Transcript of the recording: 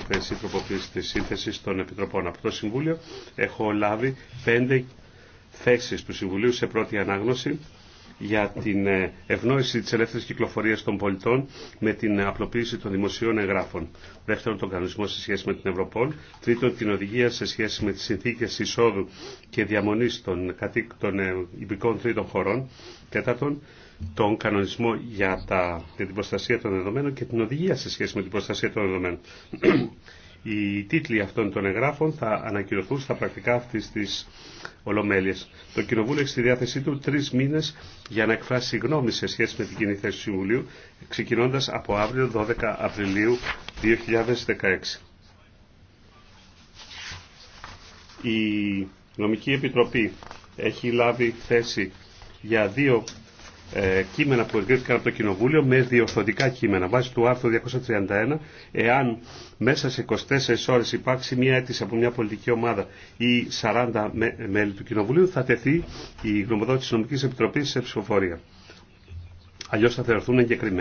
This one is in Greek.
αυτές οι τροποποίησεις της σύνθεσης των Επιτροπών. Από το Συμβούλιο έχω λάβει πέντε θέσεις του Συμβουλίου σε πρώτη ανάγνωση για την ε, ευνόηση της ελεύθερης κυκλοφορίας των πολιτών με την ε, απλοποίηση των δημοσίων εγγράφων. Δεύτερον, τον κανονισμό σε σχέση με την Ευρωπόλ. Τρίτον, την οδηγία σε σχέση με τις συνθήκες εισόδου και διαμονής των υπηκόν ε, υπηκών τρίτων χωρών. Τέταρτον, τον κανονισμό για, τα, για την προστασία των δεδομένων και την οδηγία σε σχέση με την προστασία των δεδομένων. Οι τίτλοι αυτών των εγγράφων θα ανακοινωθούν στα πρακτικά αυτή τη Ολομέλειας. Το Κοινοβούλιο έχει στη διάθεσή του τρει μήνες για να εκφράσει γνώμη σε σχέση με την κοινή θέση του Συμβουλίου, ξεκινώντας από αύριο 12 Απριλίου 2016. Η Νομική Επιτροπή έχει λάβει θέση για δύο ε, κείμενα που εγκρίθηκαν από το Κοινοβούλιο με διορθωτικά κείμενα. Βάσει του άρθρου 231, εάν μέσα σε 24 ώρες υπάρξει μια αίτηση από μια πολιτική ομάδα ή 40 μέλη του Κοινοβουλίου, θα τεθεί η γνωμοδότηση της Νομικής Επιτροπής σε ψηφοφορία. Αλλιώς θα θεωρηθούν εγκεκριμένα.